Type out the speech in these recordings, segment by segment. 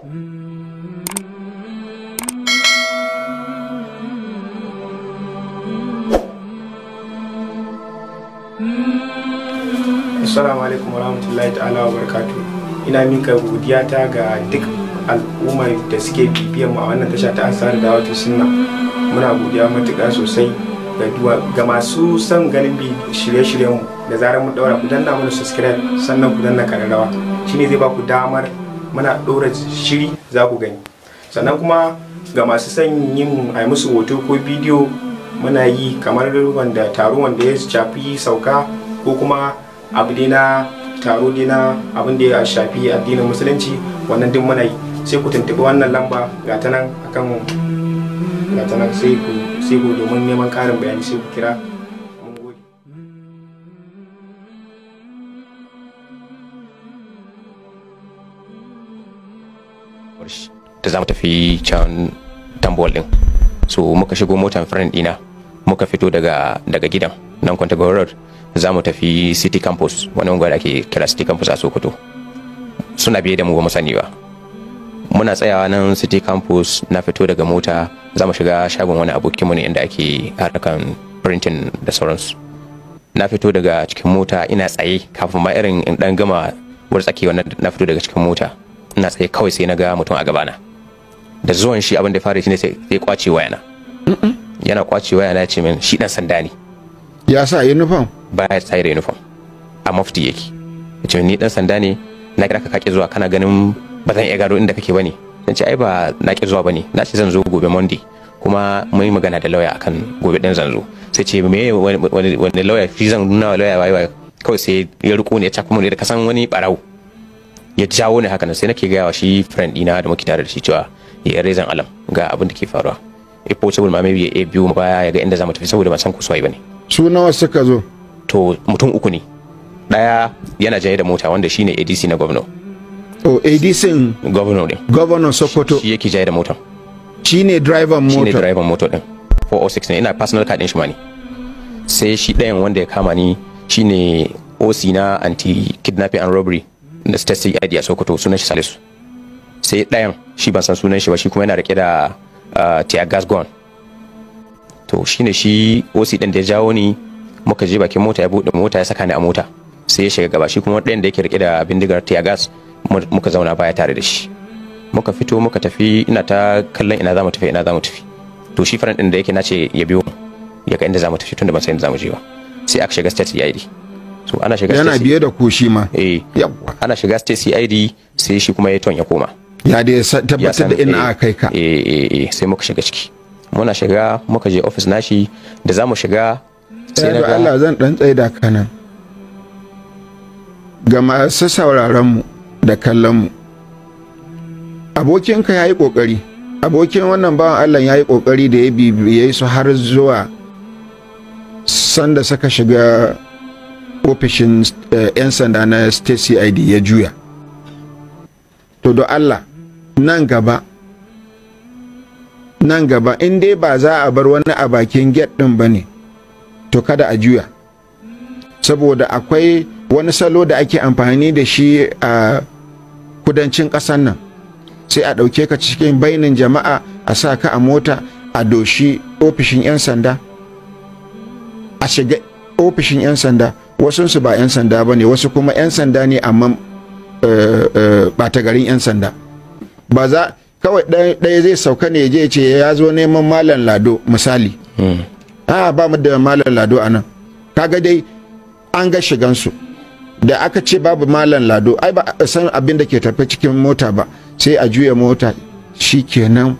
Assalamu alaikum warahmatullahi ta'ala wa barkatu. Ina minka godiyata ga duk al'ummar da suke bibiyar mu a wannan tasha ta asar da wato sunna. Muna godiya matuƙa sosai ga masu son ganin bi shirye-shiryen mu da zarar mun daura ku danna mana subscribe sannan ku danna kararrawa. Shine zai ba ku damar muna ɗora shiri za ku gani sannan kuma ga masu son yin a musu hoto ko bidiyo muna yi kamar wanda taro wanda ya shafi sauka ko kuma abu na taro dai na abin da ya shafi addinin musulunci wannan duk muna yi sai ku tuntuɓi wannan lamba ga ta nan akan ga sai ku domin neman karin bayani sai ku kira da za mu tafi can tambol din so muka shigo motan friend dina muka fito daga daga gidan nan kwantagoro road za mu tafi city campus wani unguwa da ake kira city campus a sokoto suna biye da mu ba mu sani ba muna tsayawa nan city campus na fito daga mota za mu shiga shagon wani abokin abokinmu ne inda ake harkan printing da sauransu na fito daga cikin mota ina tsaye kafin ma irin in dan gama wurin na fito daga cikin mota ina tsaye kawai sai na ga mutum a gabana da zuwan shi abin da fara shi ne sai ya kwace wayana yana kwace wayana ya ce min shi dan sanda ne ya sa uniform ba ya sa uniform a mafti yake ya ce ni dan sanda ne na kira ka kake zuwa kana ganin ba zan iya gado inda kake bane na ce ai ba na ki zuwa bane na ce zan zo gobe monday kuma mun yi magana da lauya akan gobe din zan zo sai ce me wani lawyer lauya shi zan nuna wa lawyer wai kawai sai ya riko ne ya caka mun da kasan wani barawo ya jawo ne haka nan sai nake gaya wa shi friend dina da muke tare da shi cewa ya rezan alam ga abin da ke faruwa a possible ma maybe a biyu baya ya ga inda za mu tafi saboda ba san ku suwaye bane su nawa suka zo to mutum uku ne daya yana jaye da mota wanda shine ADC na governor oh ADC governor din governor Sokoto shi yake jaye da motan shine driver motor shine driver motor din 406 ne ina personal card din shi ma ne sai shi dayan wanda ya kama ni shine OC na anti kidnapping and robbery na state ID a Sokoto sunan shi Salisu sai ɗayan shi ban san sunan shi ba shi kuma yana rike da ah, tear gas gun to shine shi osi ɗin da ya jawo ni muka je bakin mota ya buɗe mota ya saka ni a mota sai ya shiga gaba shi kuma ɗayan da yake rike da bindigar tear gas muka zauna baya tare da shi muka fito muka tafi ina ta kallon ina za mu tafi ina za mu tafi to shi faran ɗin da yake nace ya biyo ya ga inda za mu tafi tunda ban san inda za mu je ba sai aka shiga state CID so ana shiga yana biye da ku shi ma eh ana shiga state CID sai shi kuma ya ton ya koma ya dai tabbatar da ina eh, kai ka eh, eh eh sai muka shiga ciki muna shiga muka je office nashi da zamu shiga sai na Allah zan dan tsaida nan ga masu sauraron mu da kallon mu abokinka yayi kokari abokin wannan bawan Allah yayi kokari da ya bibiye su har zuwa sanda saka shiga ofishin eh, 'yan sanda na state cid ya juya to don allah nan gaba nan gaba in dai ba za a bar wani a bakin get ɗin ba ne to kada a juya saboda akwai wani salo da ake amfani da shi a kudancin ƙasar nan sai a ɗauke ka cikin bainin jama'a a sa ka a mota a doshi ofishin 'yan sanda a shiga ofishin 'yan sanda su ba 'yan sanda ba ne wasu kuma 'yan sanda ne amma eh, eh, ɓata garin 'yan sanda ba za kawai ɗaya zai sauka ne je ce ya zo neman malam lado misali hmm. a ba mu da malam lado a nan kaga dai an ga shigansu da aka ce babu malam lado ai ba a san abin da ke tafi cikin mota ba sai a juya mota shi kenan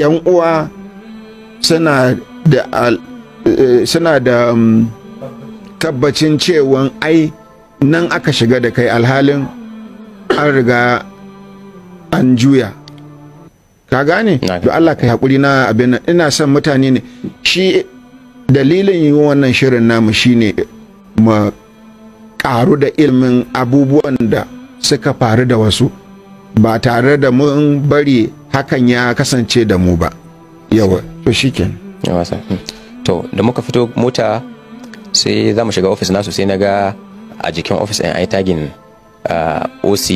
yan uwa suna da eh, suna da mm, tabbacin cewa ai nan aka shiga da kai alhalin an riga an juya ka gane to Allah ka haƙuri na abin ina son mutane ne shi dalilin yin wannan shirin namu shine ma ƙaru da ilmin abubuwan da suka faru da wasu ba tare da mun bari hakan ya kasance da mu ba yawa to yawa hmm. to da muka fito mota sai za mu shiga ofis nasu sai na ga a jikin ofis ɗin ai tagin ah, oc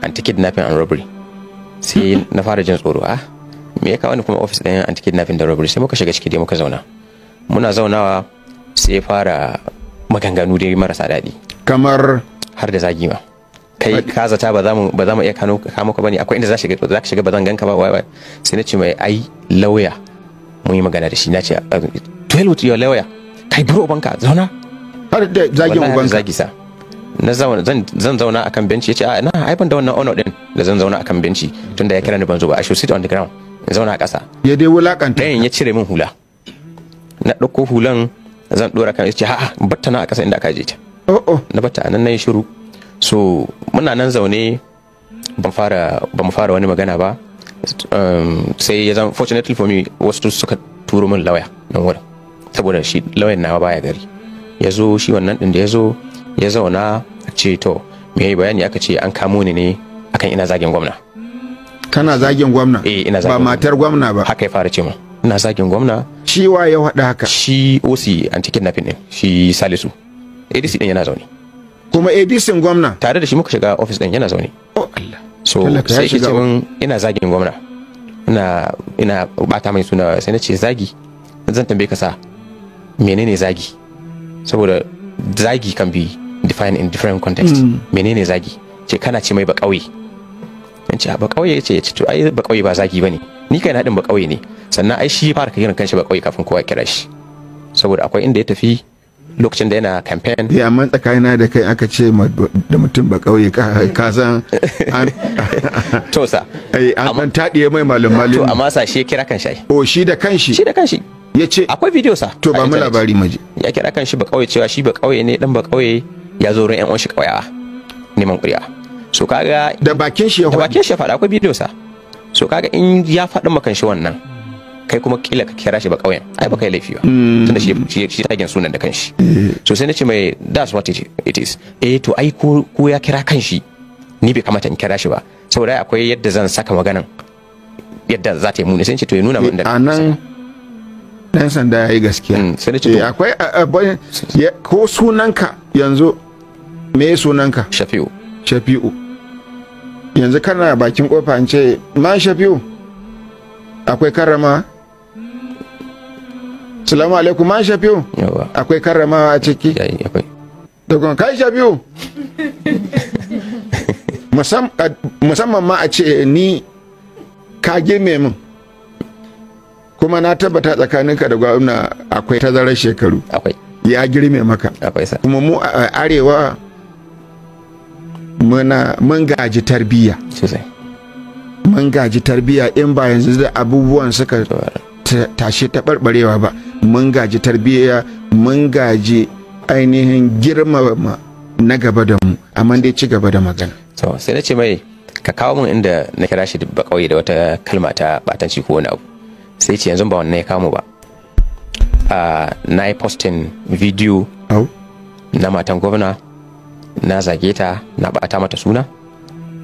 anti napping and robbery sai na fara jin tsoro ah me ya kawo ni kuma ofis ɗin anti kidnapping da robbery sai muka shiga ciki dai muka zauna muna zaunawa sai fara maganganu dai marasa daɗi kamar har da zagi ma kai ka zata ba za mu ba za mu iya kano ka maka bane akwai inda za shiga za ka shiga ba zan ganka ba wai wai sai na ce mai ai lawyer mun yi magana da shi na ce uh, tell with your lawyer kai bro banka zauna har da zagin ubanka zagi sa na zan zauna akan benci yace a ah, na ai da wannan honor din da zan zauna akan benci tunda ya kira ni ban zo ba a should sit on the ground in zauna a ƙasa ya dai wulakanta ɗayan ya cire min hula na ɗauko hulan zan ɗora kan yace ha batta na a ƙasa inda aka je ta oh, oh. na batta anan nayi shiru so muna nan zaune ban fara ban fara wani magana ba um, sai ya zama fortunately for me wasu suka turo min lawyer nan wurin saboda shi lawyer nawa baya gari ya zo shi wannan din da ya zo ya zauna ce to me bayani aka ce an kamo ni ne akan ina zagin gwamna kana zagin gwamna eh ina zagin ba matar gwamna ba haka ya fara ce mu ina zagin gwamna shi wa ya hada haka shi OC anti kidnapping din shi Salisu ADC din yana zaune kuma ADC gwamna tare da shi muka shiga office din yana zaune oh Allah so sai shi ce ina zagin gwamna ina ina bata mai suna sai na ce zagi zan tambaye ka sa menene zagi saboda zagi kan bi define in different context hmm. menene zagi ce kana ce mai ba in ce ah, ba kauye ce ya ce to ai ba kauye ba zagi bane ni kai na din ba kauye ne sannan ai shi fara kiran kanshi ba kauye kafin kowa kira shi saboda akwai inda ya tafi lokacin da yana campaign eh amma tsakanina da kai aka ce da mutum ba kauye ka san an to sa eh an tadiye mai malum malum to amma sa shi kira kanshi oh shi da kanshi shi da kanshi ya ce akwai video sa to ba mu labari maji ya kira kanshi ba kauye cewa shi ba kauye ne dan ba kauye ya zo ran yan uwanshi ƙauyawa neman ƙuri'a so kaga da bakin shi ya faɗa da bakin shi ya faɗa akwai bidiyo sa so kaga in ya faɗi maka shi wannan kai kuma kila ka kira shi ba ƙauyen ai ba kai laifi ba mm. tunda shi shi tagin sunan da kanshi eh. so sai nace mai that's what it is eh to ai ko ko ya kira kanshi ni bai kamata in kira shi ba saboda akwai yadda zan saka maganan yadda za ta yi muni sai ce to ya nuna min da anan dan sanda ya yi gaskiya mm, eh, akwai ko sunanka yanzu me sunanka shafi'u shafi'u yanzu kana bakin kofa an ce ma shafi'u akwai karama salamu alaikum ma shafi'u akwai karama a ciki dogon kai shafi'u musamman ma a ce ni ka girme min kuma na tabbata tsakaninka da gwamna akwai tazarar shekaru ya girme maka kuma mu a arewa muna mun gaji tarbiyya mun gaji tarbiyya in ba yanzu da abubuwan suka tashi taɓarɓarewa ba mun gaji tarbiyya mun gaji ainihin girmama na gaba da mu amma dai ci gaba da magana so sai na ce mai ka kawo min inda na kira shi ba kauye da wata kalma ta batanci ko wani abu sai ce yanzu ba wannan ya mu ba ah, na yi postin video na matan gwamna na zage ta na bata mata suna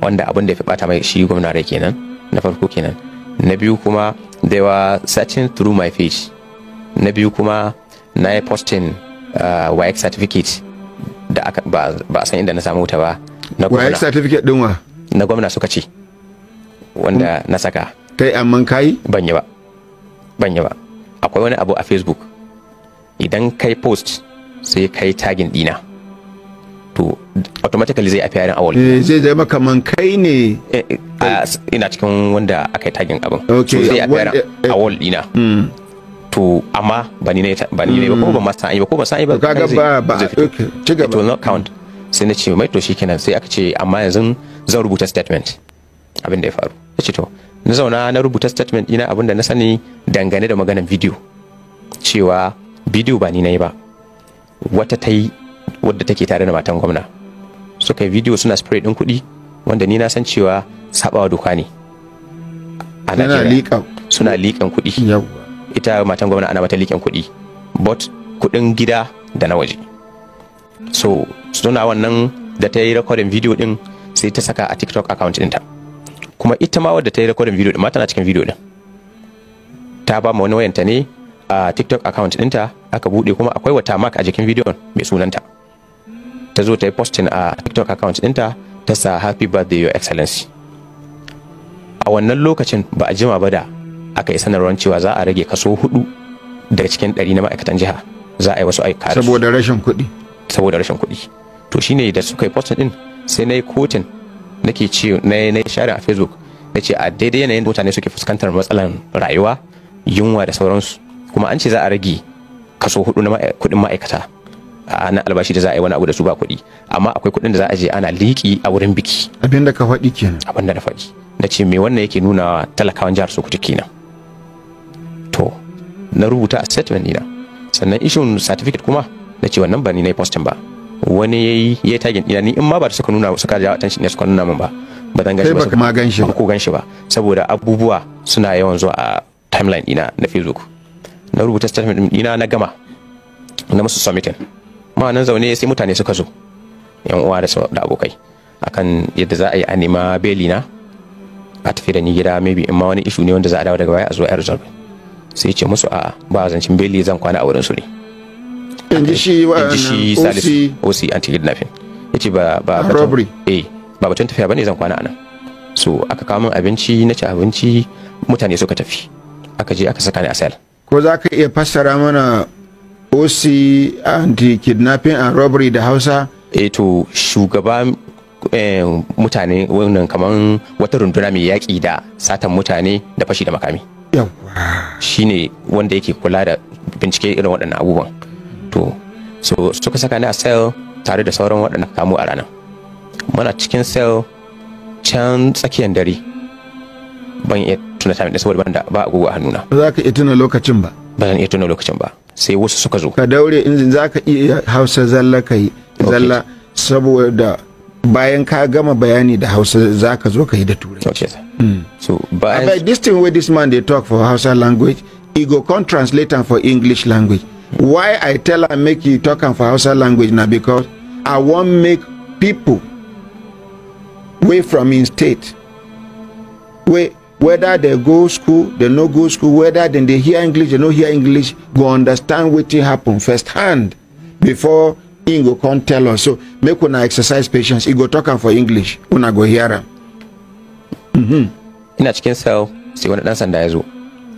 wanda abin da ya fi bata mai shi gwamna rai kenan na farko kenan na biyu kuma they were searching through my page na biyu kuma na yi posting uh, WAEC certificate da aka ba, ba san inda na samu ta ba na gwamna WAEC certificate din wa na gwamna suka ce wanda hmm. na saka kai amman kai ban yi ba ban yi ba akwai wani abu a facebook idan kai post sai kai tagin dina to automatically zai appear a wall eh, zai zama kaman kai ne eh, eh, ina cikin wanda aka yi tagin abin so zai appear a wall ina hmm. to amma ba ni ne ba ni ne ba ko hmm. ba ma san ba ko ba san ba kaga ba ba ci gaba to not count sai na ce mai to shikenan sai aka ce amma yanzu zan rubuta statement abin da ya faru ce to na zauna na rubuta statement ina abin da na sani dangane da maganar video cewa bidiyo ba ni ne ba wata ta yi wadda take tare da matan gwamna suka yi video suna spray din kuɗi wanda ni na san cewa sabawa doka ne suna liƙan kuɗi ita matan gwamna ana mata liƙan kuɗi but kuɗin gida da na waje so suna wannan da ta yi recording video din sai ta saka a tiktok account ɗinta kuma ita ma wadda ta yi recording video din ma tana cikin video din ta ba ma wani wayanta ne a tiktok account ɗinta aka buɗe kuma akwai wata mark a jikin video mai sunanta ta zo ta yi posting a tiktok account dinta ta sa happy birthday your excellency a wannan lokacin ba a jima ba da aka yi sanarwar cewa za a rage kaso hudu daga cikin ɗari na ma'aikatan jiha za a yi wasu ayyuka saboda rashin kuɗi saboda rashin kuɗi to shine da suka yi posting din sai na yi kotin nake ce na yi share a facebook na ce a daidai yanayin da mutane suke fuskantar matsalan rayuwa yunwa da sauransu kuma an ce za a rage kaso hudu na kuɗin ma'aikata na albashi da za a yi wani abu da su ba kuɗi amma akwai kuɗin da za a je ana liƙi a wurin biki abin da ka faɗi kenan abin da na faɗi na ce me wannan yake nuna talakawan jihar Sokoto kenan to na rubuta a statement dina sannan ishin certificate kuma na ce wannan ba ni na yi ba wani ya yi ya yi tagin ɗina ni in ma ba suka nuna suka jawo attention ne suka nuna min ba ba dan gashi ba ma ganshi ba ko ganshi ba saboda abubuwa suna yawan zuwa a timeline dina na Facebook na rubuta statement dina na gama na musu submitting ma nan zaune sai mutane suka zo yan uwa da abokai akan yadda za a yi a nema beli na a tafi da ni gida maybe in ma wani ishu ne wanda za a dawo daga baya a zuwa resolve sai ce musu a ba zancin beli zan kwana a wurin su ne in ji shi salisu osi anti kidnapping ya ce ba ba eh, ba batun tafiya bane zan kwana a nan so aka kawo min abinci na ci abinci mutane suka tafi aka je aka saka ni a sel ko za ka iya fassara mana oc anti-kidnapping and robbery da hausa eto eh, shugaba eh, mutane wannan kamar wata runduna mai yaƙi da satan mutane da fashi da makami shine wanda yake kula da bincike irin waɗannan abubuwan to so suka saka ni a cell tare da sauran waɗanda kamu a ranar muna cikin cell can tsakiyar dare ban iya tuna ban da saboda ba a agogo a hannuna ba za ka iya tuna lokacin ba ba zan iya tuna lokacin ba sai wasu suka zo ka daure in za ka iya hausa zalla ka yi zalla saboda bayan ka gama bayani da hausa za ka zo ka yi da turai okay, hmm. so by, this thing where this man they talk for hausa language he go come translate am for english language why i tell am make you talk am for hausa language na because i wan make people wey from im state wey whether they go school they no go school whether them dey hear english they no hear english go understand wetin happen first hand before im e go come tell us so make una exercise patience e go talk am for english una go hear am. Mm-hmm. ina cikin cell sai wani dan sanda ya zo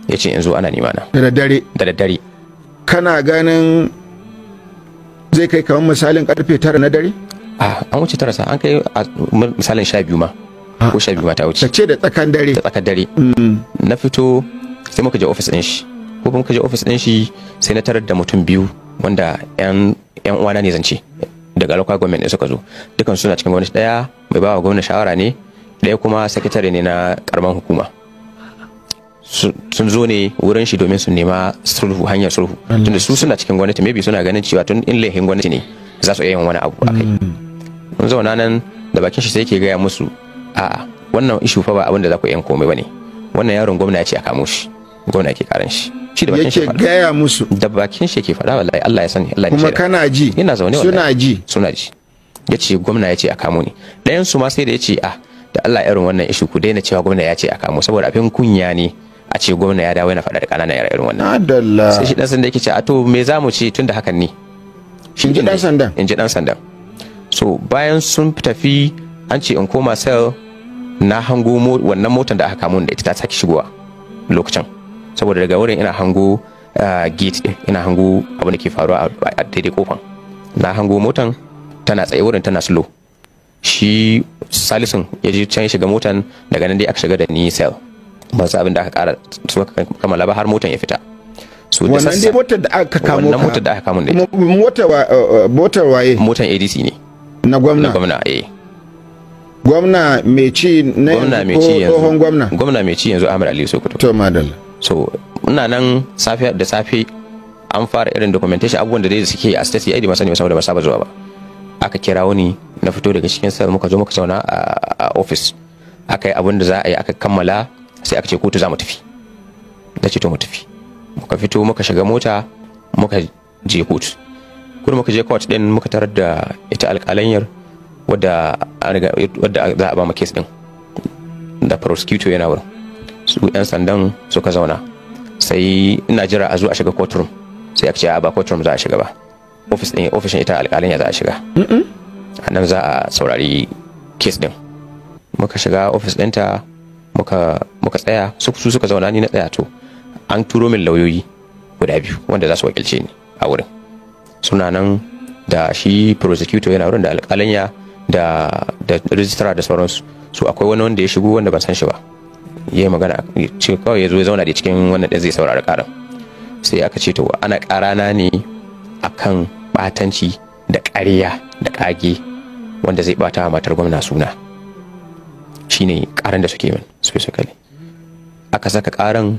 ya ce yanzu ana nema na. da daddare da daddare kana ganin zai kai kamar misalin karfe tara na dare? Ah, an wuce tara sa an kai misalin sha biyu ma Ah. ko sha biyu ta wuce ce da tsakan dare da tsakan dare mm. na fito sai muka je ofis ɗin shi ko muka je ofis ɗin shi sai na tarar da mutum biyu wanda ƴan yan uwana ne zance daga local government din suka zo dukan suna cikin gwamnati ɗaya. mai bawa gwamnati shawara ne Ɗaya kuma sakatare ne na karaman hukuma sun zo ne wurin shi domin su nema sulhu hanyar sulhu tunda su suna cikin gwamnati maybe suna ganin cewa tun in laifin gwamnati ne za su iya yin wani abu akai mm. mun zauna nan da bakin shi sai ke gaya musu a'a wannan ishu fa ba abin da za ku yan komai bane wannan yaron gwamna ya ce a kamo shi gwamna ke karan shi shi da bakin shi yake gaya musu da bakin shi yake fada wallahi Allah ya sani Allah ya kuma kana ji ina zaune wallahi suna ji suna ji yace gwamna ya ce a kamo ni dayan su ma sai da yace a. Ah, da Allah irin wannan ishu ku daina cewa gwamna ya ce a kamo saboda abin kunya ne a ce gwamna ya dawo yana faɗa da ƙananan yara irin wannan adalla sai shi dan sanda yake ce a ah, to me zamu ce tunda hakan ne shi dan sanda in ji dan sanda so bayan sun tafi an ce in koma sel na hango wannan motar da aka kamo da ita ta sake shigowa lokacin saboda daga wurin ina hango ah, gate din ina hango abin da ke faruwa a daidai kofan na hango motan tana tsaye wurin tana slow shi salisun ya je can shiga motan daga nan dai aka shiga da ni sel ba su abin da aka kara suka kammala ba har motan ya fita wannan dai motar da aka kamo wannan motar da aka kamo ne eh, eh, motar waye motar ADC ne na gwamna na gwamna eh gwamna mai ci na tsohon gwamna gwamna mai ci yanzu ahmad Ali sokoto to madalla so ina nan safiya da safe an fara irin documentation abubuwan da dai suke a state ID masani saboda ba saba zuwa ba aka kirawo ni na fito daga cikin sa muka zo muka zauna a office aka yi abin da za a yi aka kammala sai aka ce kotu za mu tafi da ce to mu tafi muka fito muka shiga mota muka je kotu kuma muka je court din muka tarar da ita alƙalanyar wadda za a ba ma kes din da prosecutor yana wurin su 'yan sandan suka zauna sai ina jira a zo a shiga courtroom sai a ce a ba courtroom za a shiga ba office din ofishin ita alƙalin ya za a shiga a nan za a saurari kes din muka shiga office ɗinta muka muka tsaya su suka zauna ni na tsaya to an turo min lauyoyi guda biyu wanda za su wakilce ni a wurin suna nan da shi prosecutor yana wurin da alƙalin ya da da registrar da sauransu su akwai wani wanda ya shigo wanda ban san shi ba ya yi magana ce kawai ya zo ya zauna da cikin wannan ɗin zai saurari ƙarar sai aka ce to ana ƙarana ne akan ɓatanci da ƙarya da ƙage wanda zai ɓata wa matar gwamna suna shine ƙaran da suke min specifically aka saka ƙaran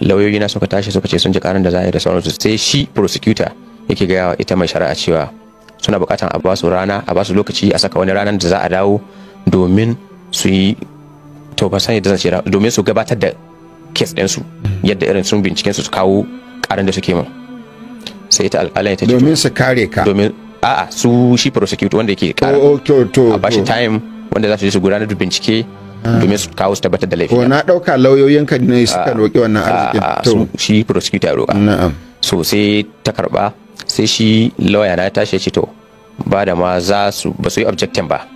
lauyoyi na suka tashi suka ce sun ji ƙaran da za a yi da sauransu sai shi prosecutor yake gaya wa ita mai shari'a cewa suna bukatan a basu rana a basu lokaci a saka wani ranar da za a dawo domin su yi to ban sani da zan domin su gabatar da kes ɗinsu yadda irin sun binciken su kawo karin da suke mun sai ita alƙalin ta domin su kare ka domin a'a su shi prosecutor wanda yake kara oh, oh, a bashi time wanda za su je su gudanar da bincike ah. domin su kawo su tabbatar da laifin. na ɗauka ka ne suka ah, roƙi wannan ah, arzikin to shi prosecutor roƙa so sai ta karba sai shi lawyer na tashi ya ce to ba da ma za su ba su yi objectin ba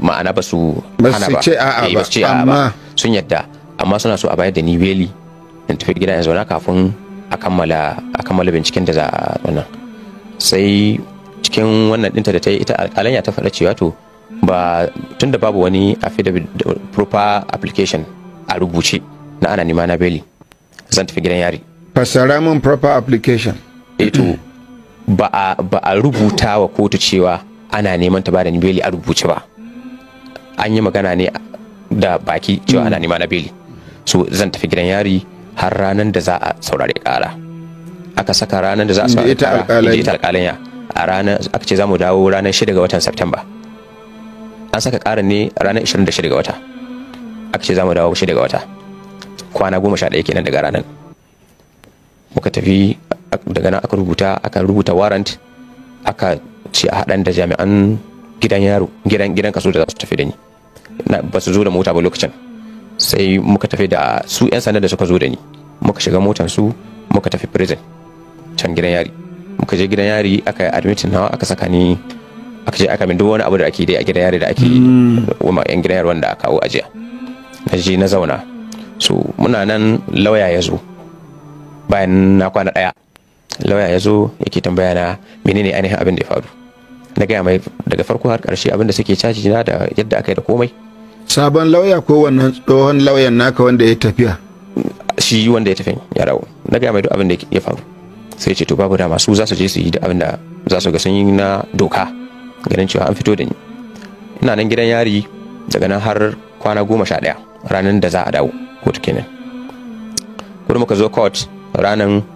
ma'ana ba su hana eh, ba ba su ce a'a ba sun yadda amma suna so a bayar da ni beli in tafi gida in na kafin a kammala a kammala binciken da za a wannan sai cikin wannan dinta da ta yi ita alanya ta faɗa cewa to ba tun da babu wani affidavit proper application a rubuce na ana nima na beli zan tafi gidan yari fassara mun proper application eh to ba a rubuta wa kotu cewa ana neman ta bada beli a rubuce ba an yi magana ne da baki cewa ana mm. neman na beli so zan tafi gidan yari har ranar da za a saurari kara aka saka ranar da za a saurari kara inda ita alƙalanya a ranar aka ce za mu dawo ranar 6 ga watan september an saka kara ne ranar 26 ga wata aka ce za mu dawo 6 ga wata kwana 11 kenan daga ranar muka tafi daga nan aka rubuta aka rubuta warrant aka ce a haɗan da jami'an gidan yaro gidan gidan kaso da za su tafi da ni ba su zo da mota ba lokacin sai muka tafi da su 'yan sanda da suka zo da ni muka shiga motan su muka tafi prison can gidan yari muka je gidan yari aka admitin nawa aka saka ni aka je aka min duk wani abu da ake dai a gidan yari da ake hmm. wa yan gidan yari wanda aka kawo ajiya na je na zauna so muna nan lauya ya zo bayan na kwana daya lauya ya zo yake tambaya na menene ainihin abin da ya faru na gaya mai daga farko har karshe abin da suke caji na da yadda aka yi da komai sabon lauya ko wannan tsohon lauyan naka wanda ya tafiya shi wanda ya tafi ya rawo. na gaya mai duk abin da ya faru sai ce to babu dama su za su je su yi da abin da za su ga sun yi na doka ganin cewa an fito da ni ina nan gidan yari daga nan har kwana goma sha ɗaya ranar da za a dawo kotu kenan kuma ka zo court ranar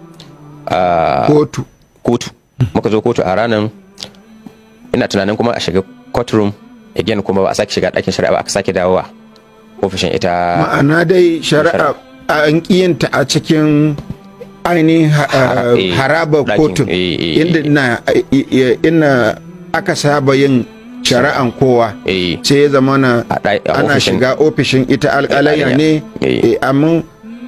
a ah, kotu kotu muka zo kotu a ranar ina tunanin kuma a shiga courtroom again kuma ba a sake shiga ɗakin shari'a ba a sake dawowa ofishin ita ma'ana dai shari'a an kiyanta a cikin ainihin haraba kotun inda ina aka saba yin shari'an kowa eh. sai ya zama na ana shiga ofishin ita alƙalaya ne eh. Eh, amma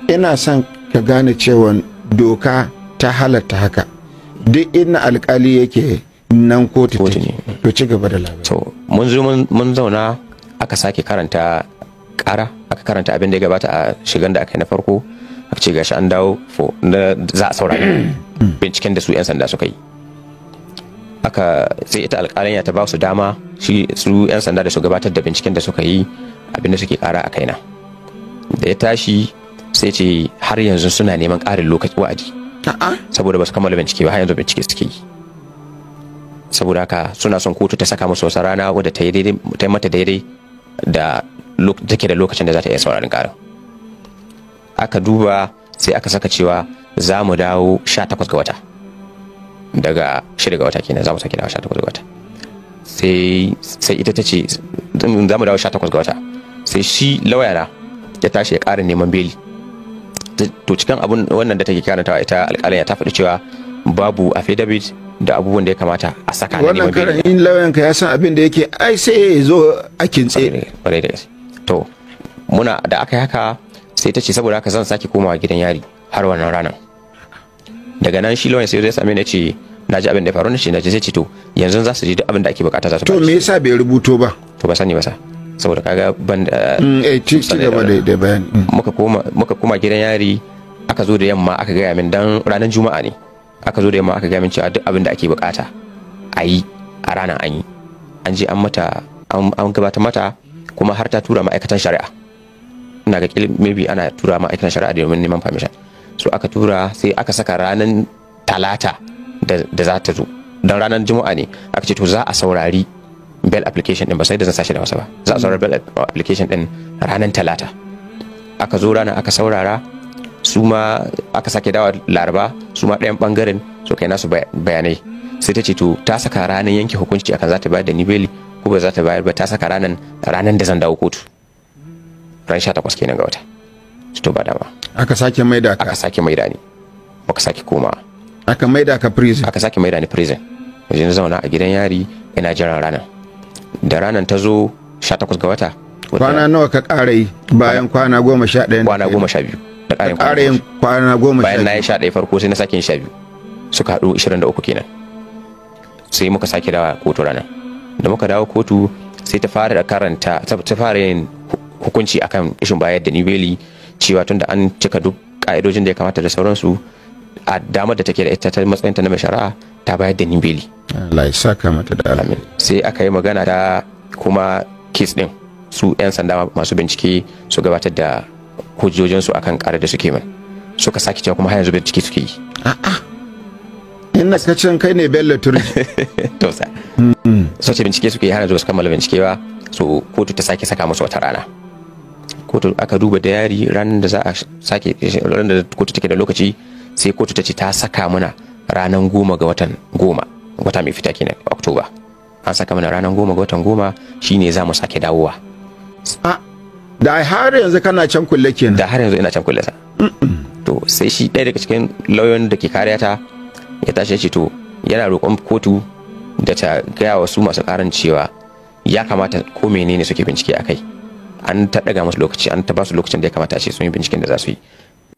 ina son ka gane cewa doka ta halatta haka duk inna alkali yake nan kotu ne to ci gaba da labari to mun zo mun zauna aka sake karanta kara aka karanta abin da ya gabata a shigan da aka yi na farko aka ce gashi an dawo fo za a saurari binciken da su yan sanda suka yi aka sai ita alƙalin ta ba su dama shi su yan sanda da su gabatar da binciken da suka yi abin da suke kara a kaina da ya tashi sai ce har yanzu suna neman ƙarin lokaci wa'adi saboda ba su kammala bincike ba har yanzu bincike suke yi saboda haka suna son kotu ta saka musu wasu rana wadda ta yi mata daidai da take da lokacin da za ta iya sauraron karin aka duba sai aka saka cewa za mu dawo 18 ga wata daga 6 ga wata kenan za mu sake dawo 18 ga wata sai ita ta ce za mu dawo 18 ga wata sai shi lawaya na ya tashi ya ƙara neman beli to cikin abun wannan da take karantawa ita alƙalin ta faɗi cewa babu affidavit da abubuwan da ya kamata a saka na neman beli. Wannan lauyan ka ya san abin da yake ai sai ya zo a kintse. To muna da aka yi haka sai ta ce saboda haka zan sake komawa gidan yari har wannan ranar. Daga nan shi lauyan sai ya same na ce na ji abin da ya faru na ce na ce sai ce to yanzu za su ji duk abin da ake bukata za su To me yasa bai rubuto ba? To ba sani ba sa. saboda kaga ban da muka koma gidan yari aka zo da yamma aka gaya min dan ranar juma'a ne aka zo da yamma aka gaya min cewa duk abin da ake bukata a yi a ranar an yi an je an mata an gabata mata kuma har ta tura ma'aikatan shari'a ina ga kil maybe ana tura ma'aikatan shari'a domin neman permission so aka tura sai aka saka ranar talata da za ta zo dan ranar juma'a ne aka ce to za a saurari bell application din ba sai da zan sashi da wasa ba za a saurari bell application din ranar talata aka zo rana aka saurara su ma aka sake dawa laraba su ma ɗayan ɓangaren su kai nasu bayanai sai ta ce to ta saka ranar yanke hukunci akan za ta bayar da ni beli ko ba za ta bayar ba ta saka ranar ranar da zan dawo kotu ran sha takwas kenan ga wata to ba dama aka sake maida ka aka sake maida ni aka sake koma aka maida ka prison aka sake maida ni prison yanzu zauna a gidan yari ina jiran ranar da ranar ta zo 18 ga wata kwana nawa ka kara yi bayan kwana goma sha ɗaya kwana goma sha biyu da ƙara yin kwana goma sha bayan na yi sha ɗaya farko sai na sake yin sha biyu suka haɗu 23 kenan sai muka sake dawa kotu ranar da muka dawo kotu sai ta fara da karanta ta fara yin hukunci akan ishin bayar da ni beli cewa tun da an cika duk ka'idojin da ya kamata da sauransu a damar da take da ita ta matsayinta na mai shari'a ta bayar da ni beli Allah ya saka mata da alamin sai aka yi magana ta kuma kes din su 'yan sanda masu bincike su gabatar da su akan karar da suke mai suka sake cewa kuma har yanzu bincike suke yi a'a ina cin kai ne bello turji to sa so ce bincike suke har yanzu su kammala bincike ba so kotu ta sake saka musu wata rana kotu aka duba da yari ranar da za a sake ranar da kotu take da lokaci sai kotu ta ce ta saka muna ranar goma ga watan goma wata mai fita kenan oktoba an saka mana ranar goma ga watan goma shine za mu sake dawowa da har yanzu kana can kulle kenan da har yanzu ina can kulle sa to sai shi ɗaya daga cikin lauyoyin da ke kariya ta ya tashi shi ce to yana roƙon kotu da ta gaya wasu su masu karin cewa ya kamata ko menene suke bincike akai an ta daga musu lokaci an ta ba su lokacin da ya kamata a ce sun yi binciken da za su yi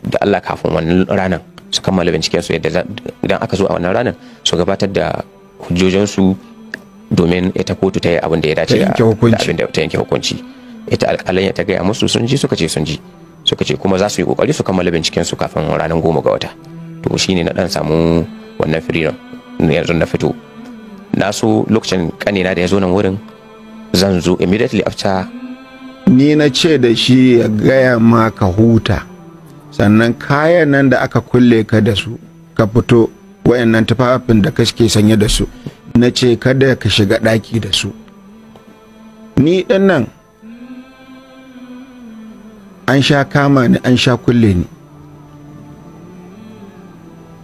da Allah kafin wannan ranar su kammala binciken su yadda idan aka zo a wannan ranar su gabatar da hujjojinsu domin ita kotu ta yi abin da ya dace da abin da ta yanke hukunci ita alƙalanya ta gaya musu sun ji suka ce sun ji suka ce kuma za su yi kokari su kammala binciken su kafin ranar goma ga wata to shine na dan samu wannan freedom yanzu na fito na so lokacin kanina da ya zo nan wurin zan zo immediately after ni na ce da shi ya gaya maka ka huta sannan kayan nan da aka kulle ka da su ka fito wayannan tufafin da kake sanye da su na kada ka shiga ɗaki da su ni ɗin nan an sha kama ni an sha kulle ni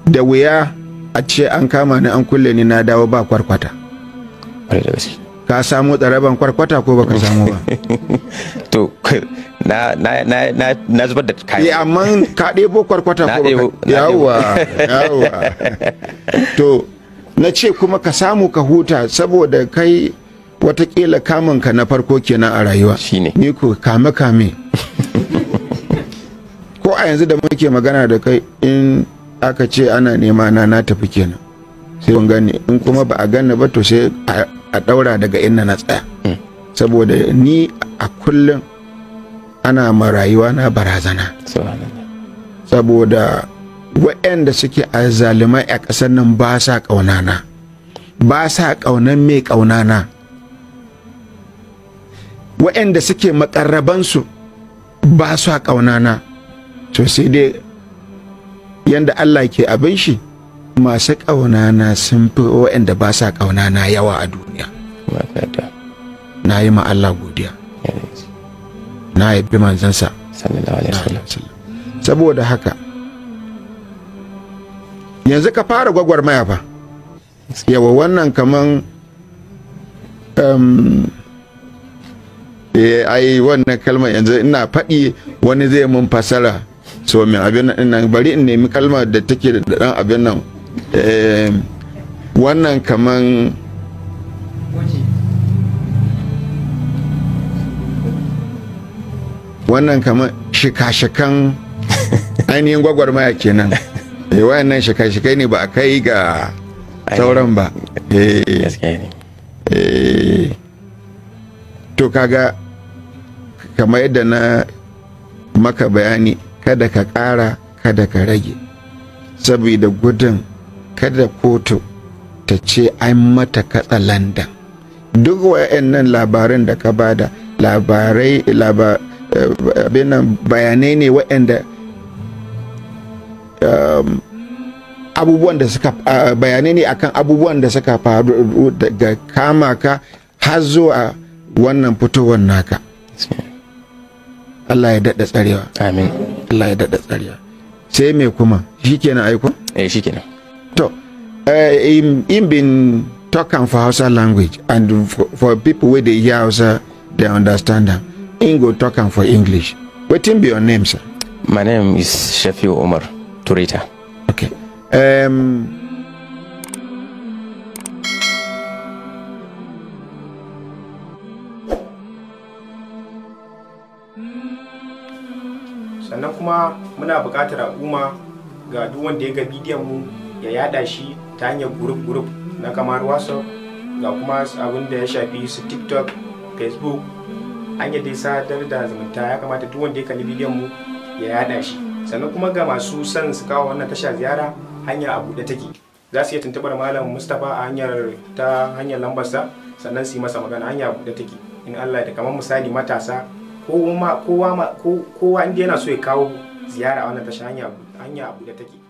da wuya a ce an kama ni an kulle ni na dawo ba kwarkwata. ka samu tsaraban kwarkwata ko baka samu ba to na na na na zubar da kayan eh amma ka bo kwarkwata ko baka yawa yawa to na ce kuma ka samu ka huta saboda kai watakila kamun ka na farko kenan a rayuwa shine ni ko kame kame ko a yanzu da muke magana da kai in aka ce ana nema na na tafi kenan sai ban gane in kuma ba a gane ba to sai a daura daga inna na tsaya hmm. saboda ni a kullum ana ma rayuwa na barazana saboda waɗanda suke a zalimai a ƙasar nan ba sa ƙaunana ba sa ƙaunan mai ƙaunana waɗanda suke maƙarrabansu ba sa ƙaunana to sai dai yadda Allah ke abin shi masu ƙaunana sun fi waɗanda ba sa ƙaunana yawa a duniya na yi ma Allah godiya na yabi manzansa saboda haka yanzu ka fara gwagwarmaya fa yawa wannan kaman um, eh, ai wannan kalmar yanzu ina faɗi wani zai mun fasara so min abin nan bari in nemi kalmar da take da ɗan abin nan Eh, wannan kaman wannan kaman shika-shikan ainihin gwagwarmaya kenan eh wayannan shika-shikai ne ba a kai ga sauran ba eh, eh to kaga kamar yadda na maka bayani kada ka ƙara kada ka rage saboda gudun kada kotu ta ce an mata katsa landan duk wa'annan labarin da ka bada labarai eh, bayanai ne wa'anda um, abubuwan da suka bayanai ne akan abubuwan da suka faru daga kama ka har zuwa wannan fitowar naka Allah ya daɗa tsarewa amin Allah ya daɗa tsarewa sai me kuma shikenan aiko eh shikenan to uh, eh, him, him been talking for hausa language and for, for people where they hear hausa they understand am him go talking for english What him be your name sir my name is shafiu omar turita okay um, sannan kuma muna buƙatar al'umma ga duk wanda ya ga bidiyon mu ya yada shi ta hanyar group gurup na kamar whatsapp ga kuma abin da ya shafi su tiktok facebook yi dai sadar da zumunta ya kamata duk wanda ya kalli bidiyon mu ya yada shi sannan kuma ga masu son su kawo wannan tasha ziyara hanya a buɗe take za su iya tuntubar malam mustapha a hanyar ta hanyar lambarsa sannan su yi masa magana hanya a buɗe take in allah da kamar misali matasa kowa inda yana so ya kawo ziyara a wannan tasha hanya a buɗe take